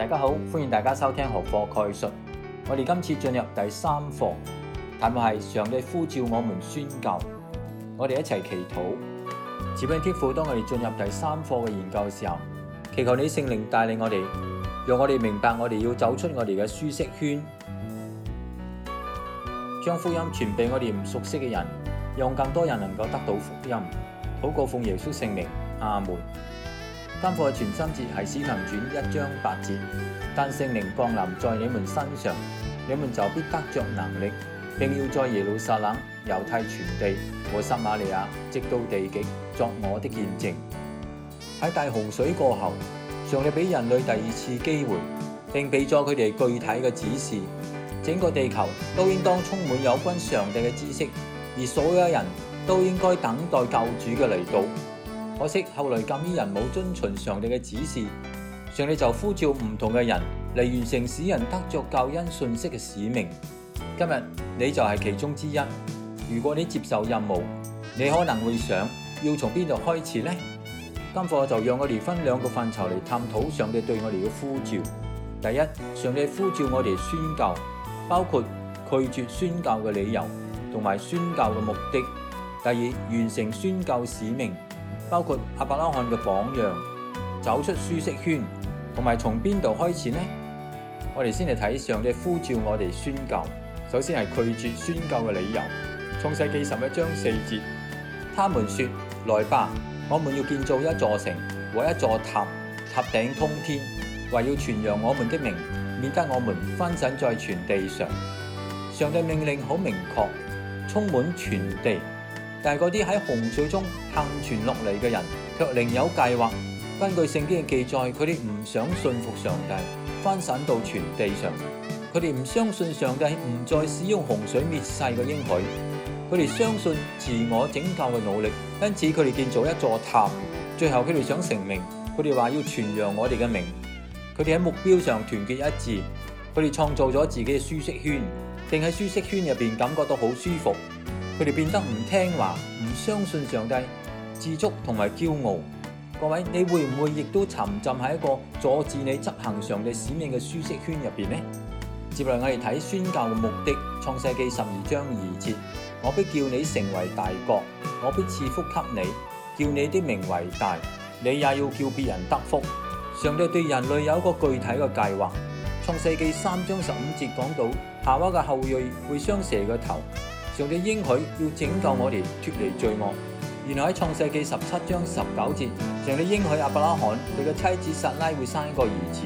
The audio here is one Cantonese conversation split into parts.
大家好，歡迎大家收聽學課概述。我哋今次進入第三課，題目係上帝呼召我們宣教。我哋一齊祈禱。慈悲天父，當我哋進入第三課嘅研究嘅時候，祈求你聖靈帶領我哋，讓我哋明白我哋要走出我哋嘅舒適圈，將福音傳俾我哋唔熟悉嘅人，讓更多人能夠得到福音。禱告奉耶穌聖名，阿門。單課存心節係《使徒行傳》一章八節，但聖靈降臨在你們身上，你們就必得着能力，並要在耶路撒冷、猶太全地和撒瑪利亞，直到地極作我的見證。喺大洪水過後，上帝俾人類第二次機會，並俾咗佢哋具體嘅指示。整個地球都應當充滿有關上帝嘅知識，而所有人都應該等待救主嘅嚟到。可惜後來禁衣人冇遵從上帝嘅指示，上帝就呼召唔同嘅人嚟完成使人得着教恩信息嘅使命。今日你就係其中之一。如果你接受任務，你可能會想，要從邊度開始呢？今課就讓我哋分兩個範疇嚟探討上帝對我哋嘅呼召。第一，上帝呼召我哋宣教，包括拒絕宣教嘅理由同埋宣教嘅目的。第二，完成宣教使命。包括阿伯拉罕嘅榜樣，走出舒適圈，同埋從邊度開始呢？我哋先嚟睇，上帝呼召我哋宣教。首先係拒絕宣教嘅理由，創世記十一章四節，他們說：來吧，我們要建造一座城和一座塔，塔頂通天，為要傳揚我們的名，免得我們分散在全地上。上帝命令好明確，充滿全地。但係嗰啲喺洪水中幸存落嚟嘅人，卻另有計劃。根據聖經嘅記載，佢哋唔想信服上帝，分散到全地上。佢哋唔相信上帝唔再使用洪水滅世嘅應許。佢哋相信自我拯救嘅努力，因此佢哋建造一座塔。最後佢哋想成名，佢哋話要傳揚我哋嘅名。佢哋喺目標上團結一致，佢哋創造咗自己嘅舒適圈，並喺舒適圈入邊感覺到好舒服。佢哋變得唔聽話、唔相信上帝、自足同埋驕傲。各位，你會唔會亦都沉浸喺一個阻止你執行上帝使命嘅舒適圈入邊呢？接落嚟，我哋睇宣教嘅目的。創世紀十二章二節：我必叫你成為大國，我必賜福給你，叫你的名為大，你也要叫別人得福。上帝對人類有一個具體嘅計劃。創世紀三章十五節講到，夏娃嘅後裔會傷蛇嘅頭。上帝應許要拯救我哋脫離罪惡。原來喺創世記十七章十九節，上帝應許亞伯拉罕佢嘅妻子撒拉會生一個兒子，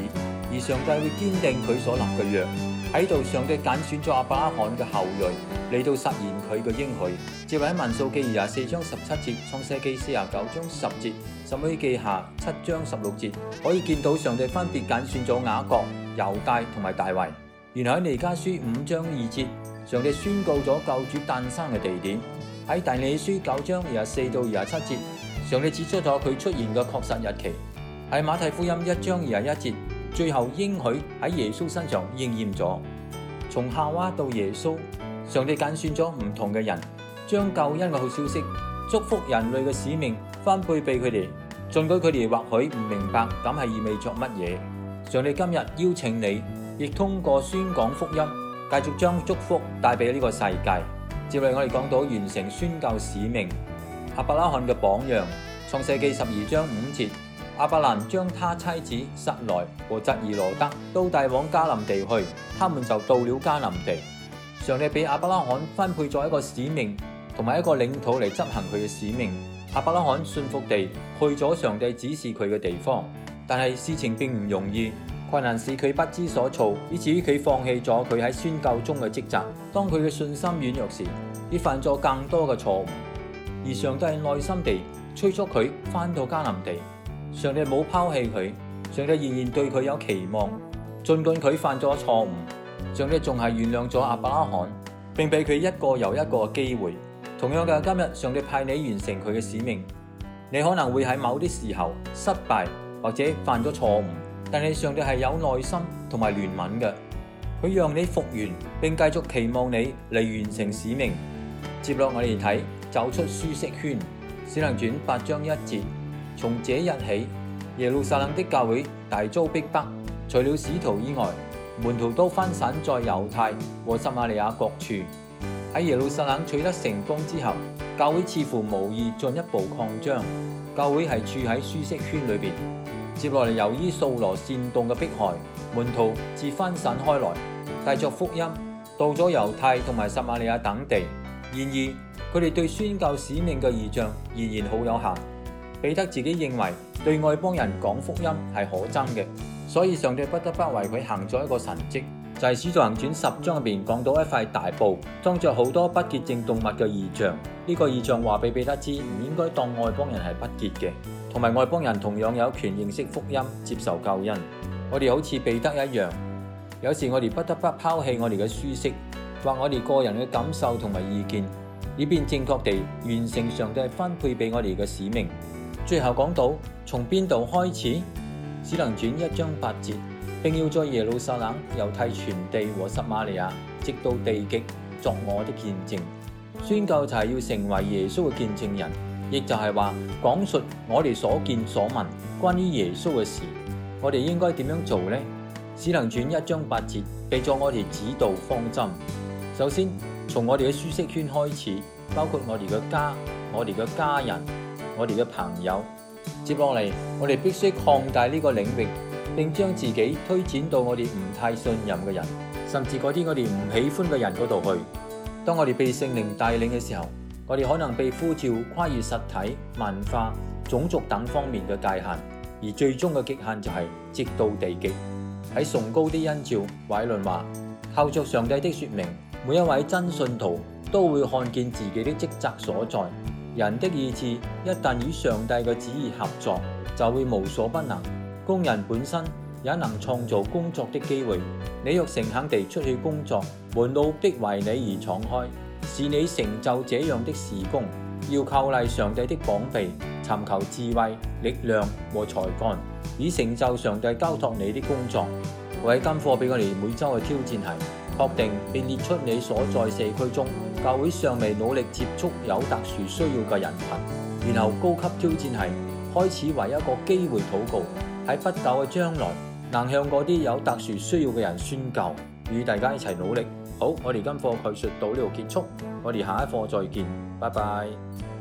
而上帝會堅定佢所立嘅約。喺度，上帝揀選咗亞伯拉罕嘅後裔嚟到實現佢嘅應許。接嚟喺民數記二十四章十七節、創世記四十九章十節、申命記下七章十六節，可以見到上帝分別揀選咗雅各、猶大同埋大衛。原來喺彌迦書五章二節。上帝宣告咗救主誕生嘅地點喺《但以理書》九章二十四到二十七節，上帝指出咗佢出現嘅確實日期喺《馬太福音》一章二十一節。最後應許喺耶穌身上應驗咗。從夏娃到耶穌，上帝揀選咗唔同嘅人，將救恩嘅好消息祝福人類嘅使命分配俾佢哋，儘管佢哋或許唔明白咁係意味著乜嘢。上帝今日邀請你，亦通過宣講福音繼續將祝福帶俾呢個世界。接嚟我哋講到完成宣教使命，亞伯拉罕嘅榜樣。創世記十二章五節，亞伯蘭將他妻子撒萊和侄兒羅德都帶往迦南地去，他們就到了迦南地。上帝俾亞伯拉罕分配咗一個使命同埋一個領土嚟執行佢嘅使命。亞伯拉罕信服地去咗上帝指示佢嘅地方，但係事情並唔容易。困難是佢不知所措，以至於佢放棄咗佢喺宣教中嘅職責。當佢嘅信心軟弱時，佢犯咗更多嘅錯誤。而上帝係耐心地催促佢翻到迦南地。上帝冇拋棄佢，上帝仍然對佢有期望。儘管佢犯咗錯誤，上帝仲係原諒咗亞伯拉罕，並俾佢一個又一個機會。同樣嘅，今日上帝派你完成佢嘅使命，你可能會喺某啲時候失敗，或者犯咗錯誤。但係上帝係有耐心同埋憐憫嘅，佢讓你復原並繼續期望你嚟完成使命。接落我哋睇，走出舒適圈。《使徒行傳》八章一節，從這日起，耶路撒冷的教會大遭逼迫，除了使徒以外，門徒都分散在猶太和撒瑪利亞各處。喺耶路撒冷取得成功之後，教會似乎無意進一步擴張，教會係住喺舒適圈裏邊。接落嚟，由於掃羅煽動嘅迫害，門徒自分散開來，帶着福音到咗猶太同埋撒瑪利亞等地。然而，佢哋對宣教使命嘅異象仍然好有限。彼得自己認為對外邦人講福音係可憎嘅，所以上帝不得不為佢行咗一個神蹟。大《使徒行傳》十章入邊講到一塊大布，裝着好多不潔症動物嘅異象。呢、這個異象話俾彼得知，唔應該當外邦人係不潔嘅，同埋外邦人同樣有權認識福音，接受救恩。我哋好似彼得一樣，有時我哋不得不拋棄我哋嘅舒適或我哋個人嘅感受同埋意見，以便正確地完成上帝分配俾我哋嘅使命。最後講到從邊度開始，只能轉一章八節。並要在耶路撒冷、猶太全地和撒馬利亞，直到地極作我的見證。宣教就係要成為耶穌嘅見證人，亦就係話講述我哋所見所聞關於耶穌嘅事。我哋應該點樣做呢？使徒行傳一章八節，俾咗我哋指導方針。首先，從我哋嘅舒適圈開始，包括我哋嘅家、我哋嘅家人、我哋嘅朋友。接落嚟，我哋必須擴大呢個領域。並將自己推展到我哋唔太信任嘅人，甚至嗰啲我哋唔喜歡嘅人嗰度去。當我哋被聖靈帶領嘅時候，我哋可能被呼召跨越實體、文化、種族等方面嘅界限，而最終嘅極限就係直到地極。喺崇高的恩召，懷倫話：靠着上帝的説明，每一位真信徒都會看見自己嘅職責所在。人的意志一旦與上帝嘅旨意合作，就會無所不能。工人本身也能創造工作的機會，你若誠懇地出去工作，門路必為你而敞開，是你成就這樣的事工，要靠賴上帝的膀臂，尋求智慧、力量和才幹，以成就上帝交託你的工作。為今課俾我哋，每周嘅挑戰係確定並列出你所在社區中教會尚未努力接觸有特殊需要嘅人群，然後高級挑戰係開始為一個機會禱告。喺不久嘅將來，能向嗰啲有特殊需要嘅人宣教，與大家一齊努力。好，我哋今課敘述到呢度結束，我哋下一課再見，拜拜。